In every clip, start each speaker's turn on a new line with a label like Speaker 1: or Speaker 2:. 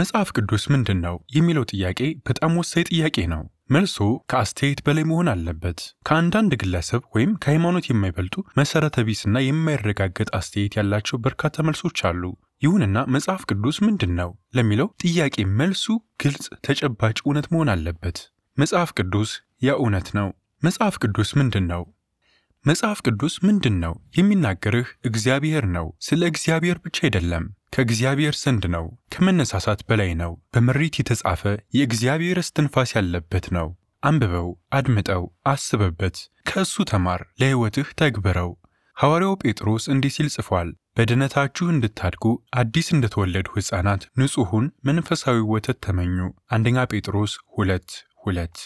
Speaker 1: መጽሐፍ ቅዱስ ምንድን ነው የሚለው ጥያቄ በጣም ወሳኝ ጥያቄ ነው። መልሶ ከአስተያየት በላይ መሆን አለበት። ከአንዳንድ ግለሰብ ወይም ከሃይማኖት የማይበልጡ መሠረተ ቢስና የማይረጋገጥ አስተያየት ያላቸው በርካታ መልሶች አሉ። ይሁንና መጽሐፍ ቅዱስ ምንድን ነው ለሚለው ጥያቄ መልሱ ግልጽ፣ ተጨባጭ እውነት መሆን አለበት። መጽሐፍ ቅዱስ ያ እውነት ነው። መጽሐፍ ቅዱስ ምንድን ነው መጽሐፍ ቅዱስ ምንድን ነው? የሚናገርህ እግዚአብሔር ነው። ስለ እግዚአብሔር ብቻ አይደለም፣ ከእግዚአብሔር ዘንድ ነው። ከመነሳሳት በላይ ነው። በምሪት የተጻፈ የእግዚአብሔር እስትንፋስ ያለበት ነው። አንብበው፣ አድምጠው፣ አስበበት፣ ከእሱ ተማር፣ ለሕይወትህ ተግብረው። ሐዋርያው ጴጥሮስ እንዲህ ሲል ጽፏል፣ በድነታችሁ እንድታድጉ አዲስ እንደተወለዱ ሕፃናት ንጹሑን መንፈሳዊ ወተት ተመኙ። አንደኛ ጴጥሮስ ሁለት ሁለት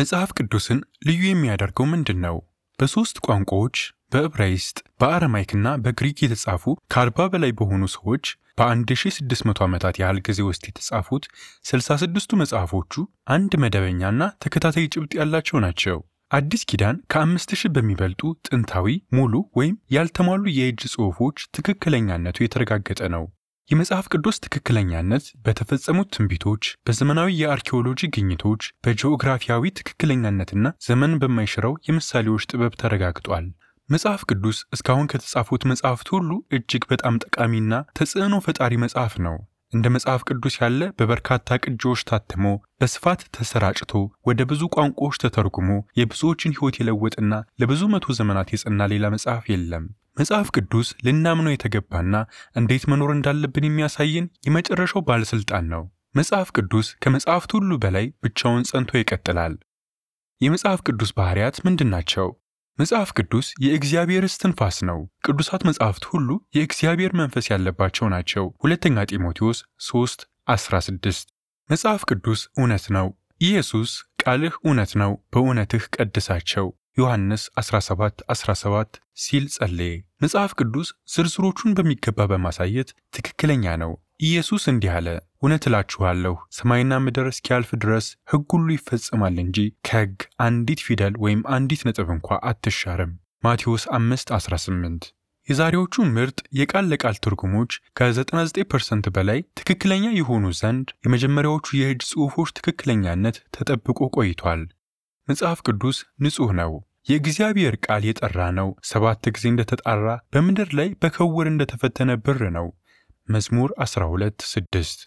Speaker 1: መጽሐፍ ቅዱስን ልዩ የሚያደርገው ምንድን ነው? በሦስት ቋንቋዎች በዕብራይስጥ በአረማይክና በግሪክ የተጻፉ ከአርባ በላይ በሆኑ ሰዎች በ1600 ዓመታት ያህል ጊዜ ውስጥ የተጻፉት 66ቱ መጽሐፎቹ አንድ መደበኛና ተከታታይ ጭብጥ ያላቸው ናቸው። አዲስ ኪዳን ከአምስት 5000 በሚበልጡ ጥንታዊ ሙሉ ወይም ያልተሟሉ የእጅ ጽሑፎች ትክክለኛነቱ የተረጋገጠ ነው። የመጽሐፍ ቅዱስ ትክክለኛነት በተፈጸሙት ትንቢቶች፣ በዘመናዊ የአርኪኦሎጂ ግኝቶች፣ በጂኦግራፊያዊ ትክክለኛነትና ዘመን በማይሽረው የምሳሌዎች ጥበብ ተረጋግጧል። መጽሐፍ ቅዱስ እስካሁን ከተጻፉት መጽሐፍት ሁሉ እጅግ በጣም ጠቃሚና ተጽዕኖ ፈጣሪ መጽሐፍ ነው። እንደ መጽሐፍ ቅዱስ ያለ በበርካታ ቅጂዎች ታትሞ በስፋት ተሰራጭቶ ወደ ብዙ ቋንቋዎች ተተርጉሞ የብዙዎችን ሕይወት የለወጠና ለብዙ መቶ ዘመናት የጸና ሌላ መጽሐፍ የለም። መጽሐፍ ቅዱስ ልናምነው የተገባና እንዴት መኖር እንዳለብን የሚያሳየን የመጨረሻው ባለሥልጣን ነው። መጽሐፍ ቅዱስ ከመጽሐፍት ሁሉ በላይ ብቻውን ጸንቶ ይቀጥላል። የመጽሐፍ ቅዱስ ባሕርያት ምንድን ናቸው? መጽሐፍ ቅዱስ የእግዚአብሔር እስትንፋስ ነው። ቅዱሳት መጽሐፍት ሁሉ የእግዚአብሔር መንፈስ ያለባቸው ናቸው። ሁለተኛ ጢሞቴዎስ 3 16 መጽሐፍ ቅዱስ እውነት ነው። ኢየሱስ ቃልህ እውነት ነው፣ በእውነትህ ቀድሳቸው ዮሐንስ 17 17 ሲል ጸለየ። መጽሐፍ ቅዱስ ዝርዝሮቹን በሚገባ በማሳየት ትክክለኛ ነው። ኢየሱስ እንዲህ አለ፣ እውነት እላችኋለሁ ሰማይና ምድር እስኪያልፍ ድረስ ሕግ ሁሉ ይፈጸማል እንጂ ከሕግ አንዲት ፊደል ወይም አንዲት ነጥብ እንኳ አትሻርም። ማቴዎስ 5:18 የዛሬዎቹ ምርጥ የቃል ለቃል ትርጉሞች ከ99% በላይ ትክክለኛ የሆኑ ዘንድ የመጀመሪያዎቹ የእጅ ጽሑፎች ትክክለኛነት ተጠብቆ ቆይቷል። መጽሐፍ ቅዱስ ንጹሕ ነው። የእግዚአብሔር ቃል የጠራ ነው። ሰባት ጊዜ እንደተጣራ በምድር ላይ በከውር እንደተፈተነ ብር ነው። መዝሙር 12 6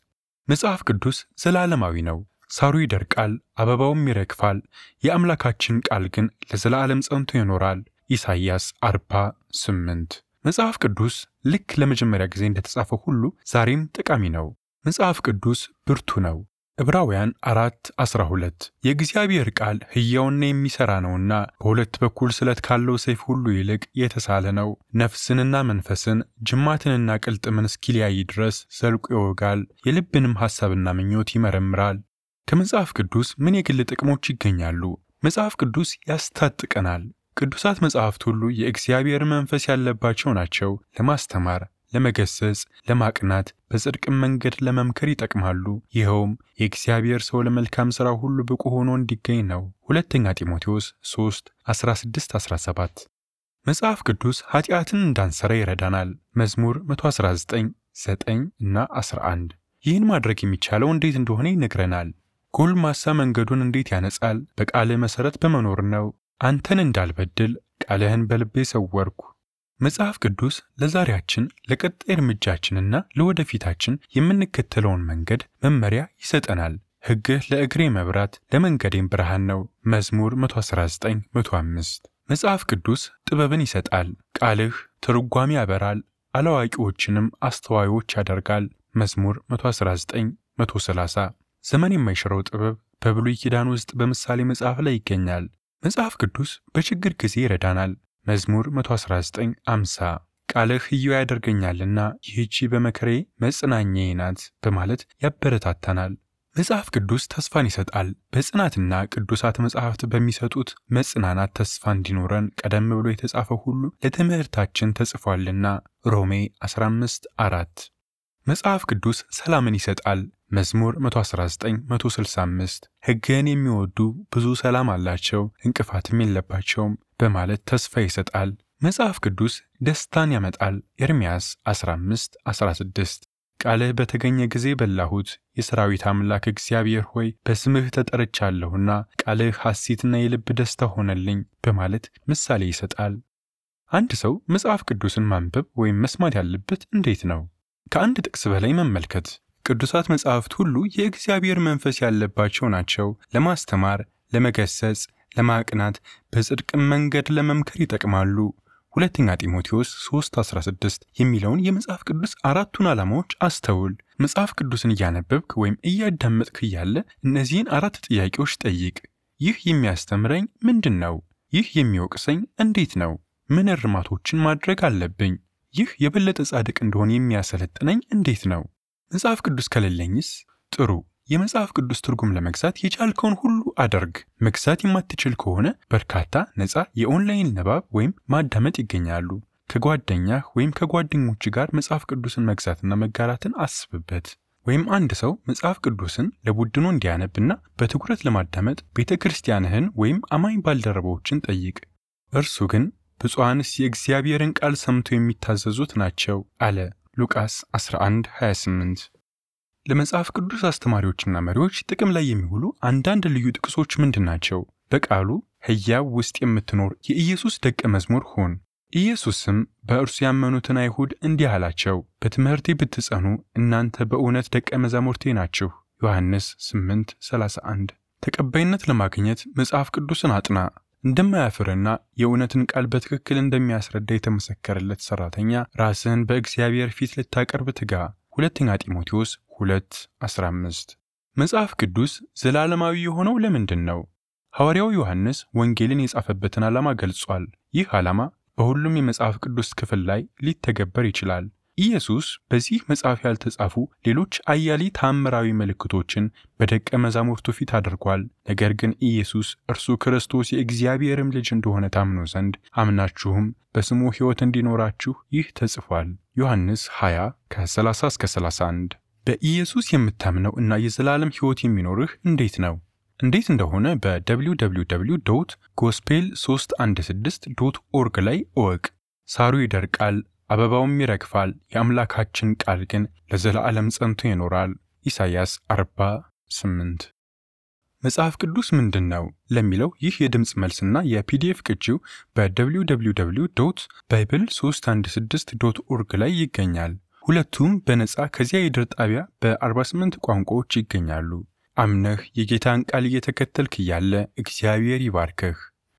Speaker 1: መጽሐፍ ቅዱስ ዘላለማዊ ነው። ሳሩ ይደርቃል፣ አበባውም ይረግፋል፣ የአምላካችን ቃል ግን ለዘላለም ጸንቶ ይኖራል። ኢሳይያስ 40 8 መጽሐፍ ቅዱስ ልክ ለመጀመሪያ ጊዜ እንደተጻፈው ሁሉ ዛሬም ጠቃሚ ነው። መጽሐፍ ቅዱስ ብርቱ ነው። ዕብራውያን አራት 12 የእግዚአብሔር ቃል ሕያውና የሚሠራ ነውና በሁለት በኩል ስለት ካለው ሰይፍ ሁሉ ይልቅ የተሳለ ነው፣ ነፍስንና መንፈስን ጅማትንና ቅልጥምን እስኪለያይ ድረስ ዘልቆ ይወጋል፣ የልብንም ሐሳብና ምኞት ይመረምራል። ከመጽሐፍ ቅዱስ ምን የግል ጥቅሞች ይገኛሉ? መጽሐፍ ቅዱስ ያስታጥቀናል። ቅዱሳት መጽሐፍት ሁሉ የእግዚአብሔር መንፈስ ያለባቸው ናቸው። ለማስተማር ለመገሰጽ፣ ለማቅናት፣ በጽድቅም መንገድ ለመምከር ይጠቅማሉ። ይኸውም የእግዚአብሔር ሰው ለመልካም ሥራ ሁሉ ብቁ ሆኖ እንዲገኝ ነው። ሁለተኛ ጢሞቴዎስ 3 16 17 መጽሐፍ ቅዱስ ኃጢአትን እንዳንሰራ ይረዳናል። መዝሙር 119 9 እና 11 ይህን ማድረግ የሚቻለው እንዴት እንደሆነ ይነግረናል። ጎልማሳ መንገዱን እንዴት ያነጻል? በቃልህ መሠረት በመኖር ነው። አንተን እንዳልበድል ቃልህን በልቤ ሰወርኩ መጽሐፍ ቅዱስ ለዛሬያችን ለቀጣይ እርምጃችንና ለወደፊታችን የምንከተለውን መንገድ መመሪያ ይሰጠናል። ሕግህ ለእግሬ መብራት ለመንገዴም ብርሃን ነው። መዝሙር 119:105 መጽሐፍ ቅዱስ ጥበብን ይሰጣል። ቃልህ ትርጓሜ ያበራል፣ አላዋቂዎችንም አስተዋዮች ያደርጋል። መዝሙር 119:130 ዘመን የማይሽረው ጥበብ በብሉይ ኪዳን ውስጥ በምሳሌ መጽሐፍ ላይ ይገኛል። መጽሐፍ ቅዱስ በችግር ጊዜ ይረዳናል። መዝሙር 119:50 ቃልህ ሕያው ያደርገኛልና ይህቺ በመከሬ መጽናኛዬ ናት በማለት ያበረታታናል። መጽሐፍ ቅዱስ ተስፋን ይሰጣል። በጽናትና ቅዱሳት መጽሐፍት በሚሰጡት መጽናናት ተስፋ እንዲኖረን ቀደም ብሎ የተጻፈው ሁሉ ለትምህርታችን ተጽፏልና ሮሜ 154። መጽሐፍ ቅዱስ ሰላምን ይሰጣል። መዝሙር 119:165 ሕግህን የሚወዱ ብዙ ሰላም አላቸው፣ እንቅፋትም የለባቸውም በማለት ተስፋ ይሰጣል። መጽሐፍ ቅዱስ ደስታን ያመጣል። ኤርምያስ 15:16 ቃልህ በተገኘ ጊዜ በላሁት፣ የሰራዊት አምላክ እግዚአብሔር ሆይ በስምህ ተጠርቻለሁና ቃልህ ሐሴትና የልብ ደስታ ሆነልኝ በማለት ምሳሌ ይሰጣል። አንድ ሰው መጽሐፍ ቅዱስን ማንበብ ወይም መስማት ያለበት እንዴት ነው? ከአንድ ጥቅስ በላይ መመልከት። ቅዱሳት መጻሕፍት ሁሉ የእግዚአብሔር መንፈስ ያለባቸው ናቸው። ለማስተማር፣ ለመገሰጽ፣ ለማቅናት፣ በጽድቅም መንገድ ለመምከር ይጠቅማሉ። ሁለተኛ ጢሞቴዎስ 3:16 የሚለውን የመጽሐፍ ቅዱስ አራቱን ዓላማዎች አስተውል። መጽሐፍ ቅዱስን እያነበብክ ወይም እያዳመጥክ እያለ እነዚህን አራት ጥያቄዎች ጠይቅ። ይህ የሚያስተምረኝ ምንድን ነው? ይህ የሚወቅሰኝ እንዴት ነው? ምን እርማቶችን ማድረግ አለብኝ? ይህ የበለጠ ጻድቅ እንደሆን የሚያሰለጥነኝ እንዴት ነው? መጽሐፍ ቅዱስ ከሌለኝስ? ጥሩ የመጽሐፍ ቅዱስ ትርጉም ለመግዛት የቻልከውን ሁሉ አድርግ። መግዛት የማትችል ከሆነ በርካታ ነፃ የኦንላይን ንባብ ወይም ማዳመጥ ይገኛሉ። ከጓደኛህ ወይም ከጓደኞች ጋር መጽሐፍ ቅዱስን መግዛትና መጋራትን አስብበት። ወይም አንድ ሰው መጽሐፍ ቅዱስን ለቡድኑ እንዲያነብና በትኩረት ለማዳመጥ ቤተ ክርስቲያንህን ወይም አማኝ ባልደረባዎችን ጠይቅ። እርሱ ግን ብፁዓንስ የእግዚአብሔርን ቃል ሰምተው የሚታዘዙት ናቸው አለ። ሉቃስ 11:28 ለመጽሐፍ ቅዱስ አስተማሪዎችና መሪዎች ጥቅም ላይ የሚውሉ አንዳንድ ልዩ ጥቅሶች ምንድን ናቸው? በቃሉ ሕያው ውስጥ የምትኖር የኢየሱስ ደቀ መዝሙር ሁን። ኢየሱስም በእርሱ ያመኑትን አይሁድ እንዲህ አላቸው፣ በትምህርቴ ብትጸኑ እናንተ በእውነት ደቀ መዛሙርቴ ናችሁ። ዮሐንስ 8:31 ተቀባይነት ለማግኘት መጽሐፍ ቅዱስን አጥና። እንደማያፍርና የእውነትን ቃል በትክክል እንደሚያስረዳ የተመሰከረለት ሠራተኛ ራስህን በእግዚአብሔር ፊት ልታቀርብ ትጋ። ሁለተኛ ጢሞቴዎስ 2:15 መጽሐፍ ቅዱስ ዘላለማዊ የሆነው ለምንድን ነው? ሐዋርያው ዮሐንስ ወንጌልን የጻፈበትን ዓላማ ገልጿል። ይህ ዓላማ በሁሉም የመጽሐፍ ቅዱስ ክፍል ላይ ሊተገበር ይችላል። ኢየሱስ በዚህ መጽሐፍ ያልተጻፉ ሌሎች አያሌ ታምራዊ ምልክቶችን በደቀ መዛሙርቱ ፊት አድርጓል። ነገር ግን ኢየሱስ እርሱ ክርስቶስ የእግዚአብሔርም ልጅ እንደሆነ ታምኖ ዘንድ አምናችሁም በስሙ ሕይወት እንዲኖራችሁ ይህ ተጽፏል። ዮሐንስ 20 ከ30 እስከ 31። በኢየሱስ የምታምነው እና የዘላለም ሕይወት የሚኖርህ እንዴት ነው? እንዴት እንደሆነ በwww ዶት ጎስፔል 316 ዶት ኦርግ ላይ እወቅ። ሳሩ ይደርቃል አበባውም ይረግፋል፣ የአምላካችን ቃል ግን ለዘላለም ጸንቶ ይኖራል። ኢሳይያስ 48 መጽሐፍ ቅዱስ ምንድን ነው ለሚለው ይህ የድምፅ መልስና የፒዲኤፍ ቅጂው በwww ባይብል 316 ዶት ኦርግ ላይ ይገኛል። ሁለቱም በነጻ ከዚያ የድር ጣቢያ በ48 ቋንቋዎች ይገኛሉ። አምነህ የጌታን ቃል እየተከተልክ እያለ እግዚአብሔር ይባርክህ።